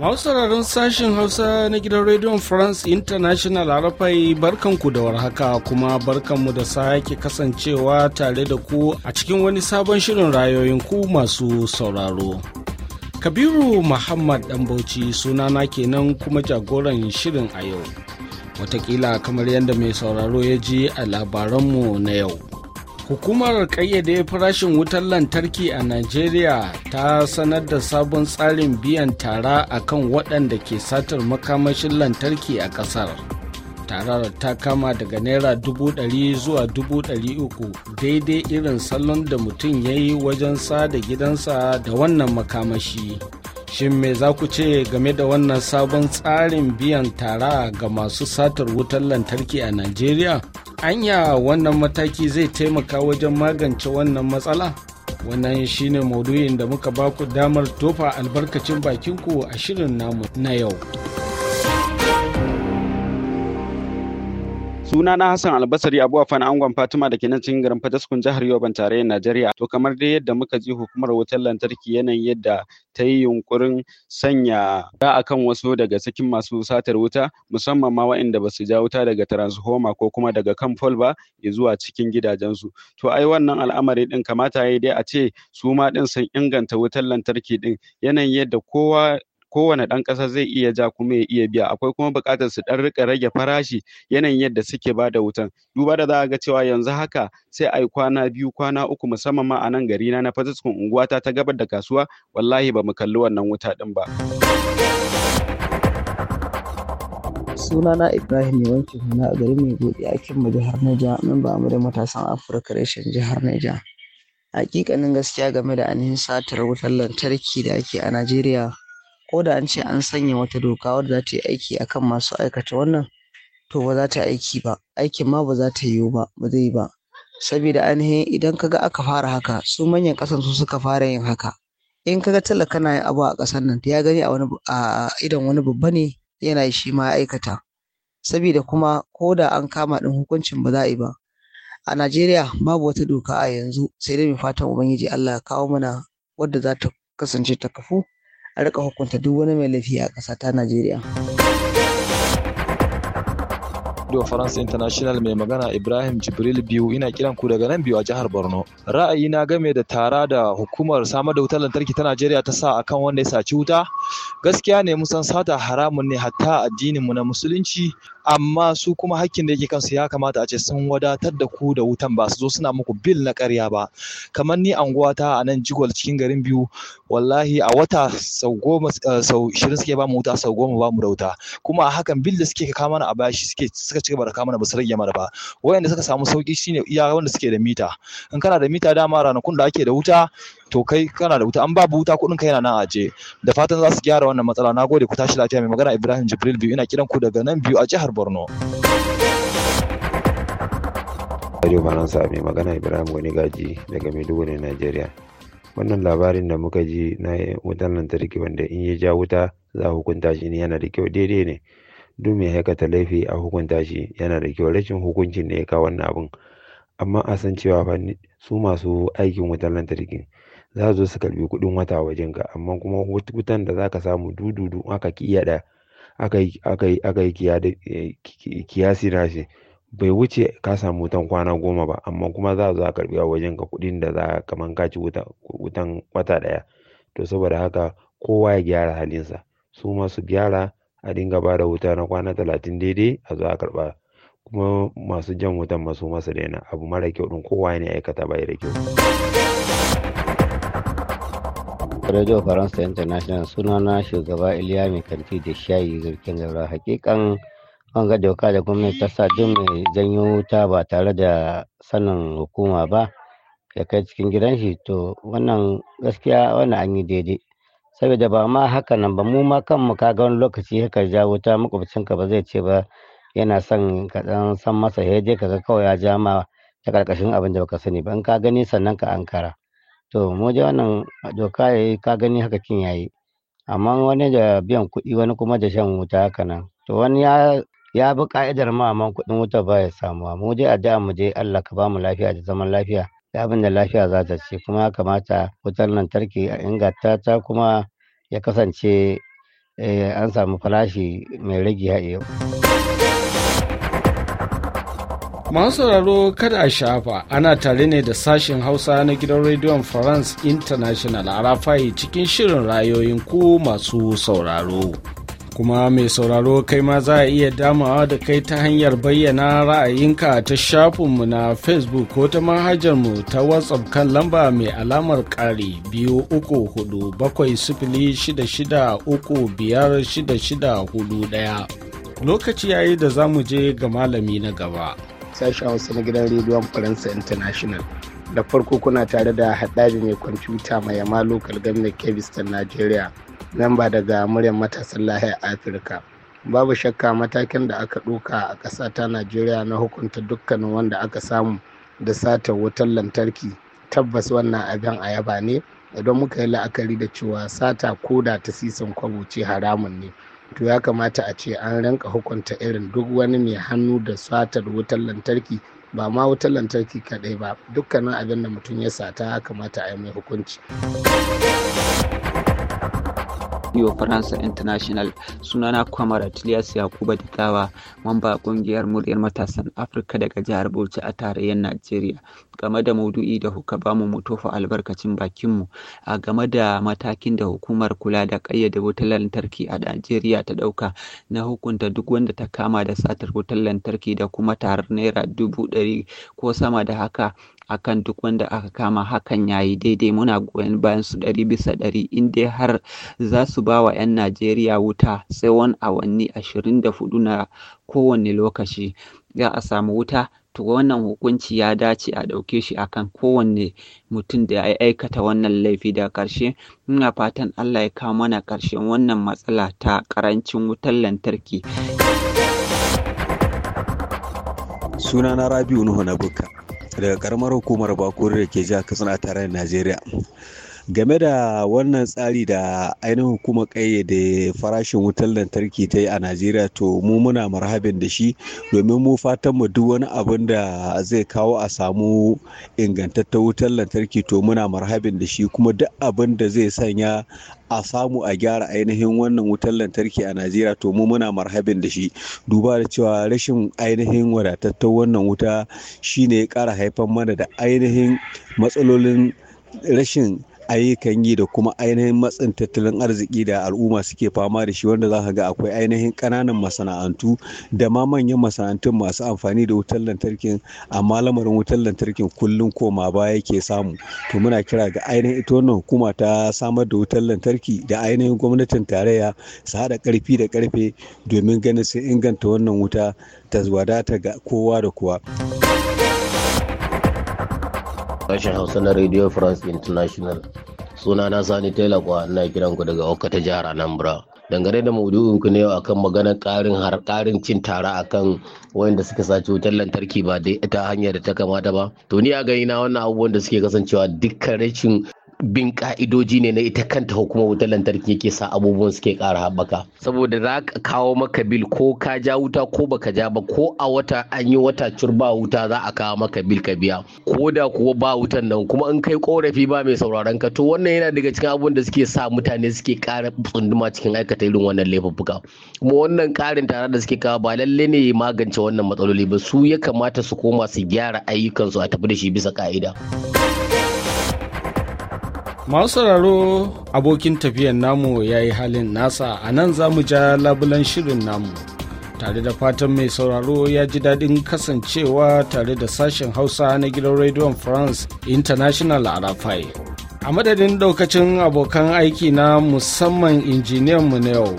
Masu sauraron sashen Hausa na gidan Radio France International Arafai barkanku da warhaka kuma barkanmu da sake kasancewa tare da ku a cikin wani sabon shirin rayoyin ku masu sauraro. Kabiru Muhammad suna sunana kenan kuma jagoran shirin a yau. wataƙila kamar yadda mai sauraro ya ji a labaranmu na yau. Hukumar Kayyade farashin wutar lantarki a Najeriya ta sanar da sabon tsarin biyan tara a kan waɗanda ke satar makamashin lantarki a ƙasar. Tarar ta kama daga Naira dubu ɗari zuwa dubu daidai irin salon da mutum ya yi wajen sada gidansa da wannan makamashi. Shin me za ku ce game da wannan sabon tsarin biyan tara ga masu satar wutar lantarki a Najeriya? anya wannan mataki zai taimaka wajen magance wannan matsala wannan shine maudu'in da muka baku damar tofa albarkacin bakinku a shirin namu na yau Suna na Hassan Albasari Abu fana Angon Fatima da ke nan cikin garin Fataskun jihar Yoban tarayyar Najeriya. To kamar dai yadda muka ji hukumar wutar lantarki yanayin yadda ta yi yunkurin sanya a kan wasu daga cikin masu satar wuta musamman ma wa'inda ba su ja wuta daga transhoma ko kuma daga kan fol ba zuwa cikin gidajensu. To ai wannan al'amari din kamata ya dai a ce su ma din sun inganta wutar lantarki din yanayin yadda kowa kowane ɗan ƙasa zai iya ja kuma ya iya biya akwai kuma buƙatar su ɗan riƙa rage farashi yanayin yadda suke ba da wutan duba da za a ga cewa yanzu haka sai ai kwana biyu kwana uku musamman ma a nan gari na na fasiskun unguwata ta gabar da kasuwa wallahi ba mu kalli wannan wuta ɗin ba. sunana ibrahim ya wanke hula a garin mai gode a kimma jihar neja mu da matasan afirka reshen jihar neja hakikanin gaskiya game da anihin satar wutar lantarki da ake a najeriya ko da an ce an sanya wata doka wadda za ta yi aiki akan masu aikata wannan to ba za ta aiki ba aikin ma ba za ta yiwu ba ba zai ba saboda ainihin idan kaga aka fara haka su manyan ƙasan su suka fara yin haka in kaga talla kana yin abu a ƙasar nan ya gani a wani a idan wani babba ne yana shi ma ya aikata saboda kuma ko da an kama ɗin hukuncin ba za a yi ba a Najeriya babu wata doka a yanzu sai dai mai fatan ubangiji Allah ya kawo mana wadda za ta kasance ta kafu a rika hukunta duk wani mai laifi a ƙasa ta Najeriya. Radio France International mai magana Ibrahim Jibril biyu ina kiran ku daga nan biyu a jihar Borno. Ra'ayi na game da tara da hukumar samar da wutar lantarki ta Najeriya ta sa akan wanda ya saci wuta. Gaskiya ne mun san sata haramun ne hatta addinin mu na musulunci amma su kuma hakkin da yake kansu ya kamata a ce sun wadatar da ku da wutan ba su zo suna muku bil na ƙarya ba kamar ni anguwata a nan jigwal cikin garin biyu wallahi a wata sau goma eh, sau shirin suke ba mu wuta sau goma ba mu da wuta kuma a hakan bil da suke kama mana a shi suke suka ci gaba da kama mana ba su rage mana ba wayanda suka samu sauki shine iya da suke da mita in kana da mita dama ranakun da ake da wuta to kai kana da wuta an babu wuta kuɗin kai yana nan a je da fatan za su gyara wannan matsala na gode ku tashi lafiya mai magana Ibrahim Jibril biyu ina kiran ku daga nan biyu a jihar Borno. Radio Faransa mai magana Ibrahim Wani Gaji daga Maiduguri Najeriya. Wannan labarin da muka ji na wutan lantarki wanda in ya ja wuta za a hukunta shi ne yana da kyau daidai ne. Duk mai haikata laifi a hukunta shi yana da kyau rashin hukuncin da ya kawo wannan abun. Amma a san cewa fa su masu aikin wutan lantarki za su su karbi kuɗin wata wajen ka amma kuma wutan da za ka samu dududu aka kiyada aka yi eh, kiyasi na shi bai wuce ka samu wutan kwana goma ba amma kuma za zo a karbi a wajen ka kuɗin da za kaman ka ci wutan wata ɗaya to saboda haka kowa ya gyara halinsa su ma su gyara a dinga ba da wuta na kwana talatin daidai a zo a karba kuma masu jan wutan masu masu daina abu mara kyau ɗin kowa ne aikata bai da kyau Radio Faransa International sunana shugaba Iliya mai kanti da shayi garkin zaura hakikan ga doka da gwamnati ta sa duk mai janyo wuta ba tare da sanin hukuma ba ya kai cikin gidan shi to wannan gaskiya wannan an yi daidai saboda ba ma haka nan ba mu ma kanmu ka ga wani lokaci ka ja wuta makwabcinka ba zai ce ba yana son ka san masa ya je ga kawai ya ja ta karkashin abin da baka sani ba in ka gani sannan ka ankara to mu dai wannan doka ya yi ka gani haka kin yayi amma wani da biyan kuɗi wani kuma da shan wuta haka nan to wani ya ya bi ka'idar ma amma kuɗin wuta ba ya samuwa mu dai addu'a mu dai Allah ka ba mu lafiya da zaman lafiya da abin da lafiya za ta ce kuma ya kamata wutar lantarki a inganta ta kuma ya kasance eh, an samu farashi mai rage haɗe. Masu sauraro kada a shafa ana tare ne da sashen Hausa na gidan rediyon France International a Rafai cikin shirin rayoyin ku masu sauraro. Kuma mai sauraro kai ma za a iya damawa da kai ta hanyar bayyana ra'ayinka ta shafinmu na Facebook ko ta manhajarmu ta WhatsApp kan lamba mai alamar ƙari biyu uku hudu bakwai sifili shida shida uku biyar shida shida hudu ɗaya. Lokaci yayi da za mu je ga malami na gaba. sashen hausa na gidan rediyon faransa international da farko kuna tare da haɗari mai kwamfuta mai yama local government kebistan nigeria lamba daga muryar matasan lahiyar afirka babu shakka matakin da aka ɗoka a ƙasa ta najeriya na hukunta dukkanin wanda aka samu da sata wutar lantarki tabbas wannan abin a yaba ne idan muka yi la'akari da cewa sata koda ta sisan kwabo ce haramun ne to ya kamata a ce an rinka hukunta irin duk wani mai hannu da satar wutar lantarki ba ma wutar lantarki kaɗai ba dukkanin abin da mutum ya sata ya kamata a yi mai hukunci Radio faransa International sunana Kwamar Atilias Yakuba Dikawa mamba kungiyar muryar matasan Afirka daga jihar Bauchi a tarayyar Najeriya game da maudu'i da kuka bamu mu mutofa albarkacin bakinmu a game da matakin da hukumar kula da kayyade wutar lantarki a Najeriya ta dauka na hukunta duk wanda ta kama da satar wutar lantarki da kuma tarar naira dubu ɗari ko sama da haka akan duk wanda aka kama hakan yayi daidai muna goyon bayan su ɗari bisa ɗari in dai har za su ba wa 'yan Najeriya wuta tsawon awanni ashirin da hudu na kowane lokaci za a samu wuta to wannan hukunci ya dace a ɗauke shi akan kowanne mutum da ya aikata wannan laifi da ƙarshe muna fatan allah ya kawo mana ƙarshen wannan matsala ta ƙarancin wutar lantarki sunana rabiu nuhu na bukka. daga karamar hukumar bakuri da ke jihar katsina tare najeriya game da wannan tsari da ainihin hukumar kayyade farashin wutar lantarki ta yi a najeriya to mu muna marhabin da shi domin mu fatan mu duk wani abin da zai kawo a samu ingantatta wutar lantarki to muna marhabin da shi kuma duk abin da zai sanya a samu a gyara ainihin wannan wutar lantarki a najeriya to mu muna marhabin da shi duba da cewa rashin ainihin wadatattun wannan wuta shine ya kara haifar mana da ainihin matsalolin rashin ayyukan yi da kuma ainihin matsin tattalin arziki da al'umma suke fama da shi wanda za ka ga akwai ainihin ƙananan masana'antu da ma manyan masana'antun masu amfani da wutar lantarkin amma lamarin wutar lantarkin kullum koma baya ke samu to muna kira ga ainihin ita wannan hukuma ta samar da wutar lantarki da ainihin gwamnatin tarayya su haɗa ƙarfi da ƙarfe domin ganin sun inganta wannan wuta ta wadata ga kowa da kowa. sashen hausa na radio france international suna na sani taila kwa ina kiran ku daga okata jihar anambra dangane da maudu'in ku ne akan maganar karin har karin cin tara akan wayanda suka saci wutar lantarki ba dai ta hanyar da ta kamata ba to ni a gani na wannan abubuwan da suke kasancewa dukkan rashin bin ka'idoji ne na ita kanta hukumar wutar lantarki yake sa abubuwan suke ƙara haɓaka saboda za ka kawo maka bil ko ka ja wuta ko baka ja ba ko a wata an yi wata curba wuta za a kawo maka bil ka biya ko da kuwa ba wutan nan kuma in kai korafi ba mai sauraron ka to wannan yana daga cikin abubuwan da suke sa mutane suke ƙara tsunduma cikin aikata irin wannan laifuffuka kuma wannan ƙarin tare da suke kawo ba lalle ne ya magance wannan matsaloli ba su ya kamata su koma su gyara ayyukansu a tafi da shi bisa ka'ida. Masu sauraro abokin tafiyan namu ya yi halin nasa a nan za mu ja labulan shirin namu. Tare da fatan mai sauraro ya ji daɗin kasancewa tare da sashen Hausa na gidan Radio France International a Rafai. A madadin ɗaukacin abokan aiki na musamman injiniyan mu na yau,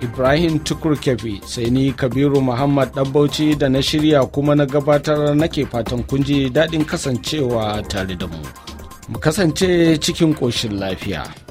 Ibrahim tukurkefi sai ni Kabiru Muhammad Ɗanbauci da na shirya kuma na gabatar nake fatan kunji, daɗin kasancewa tare da mu. mu kasance cikin ƙoshin lafiya.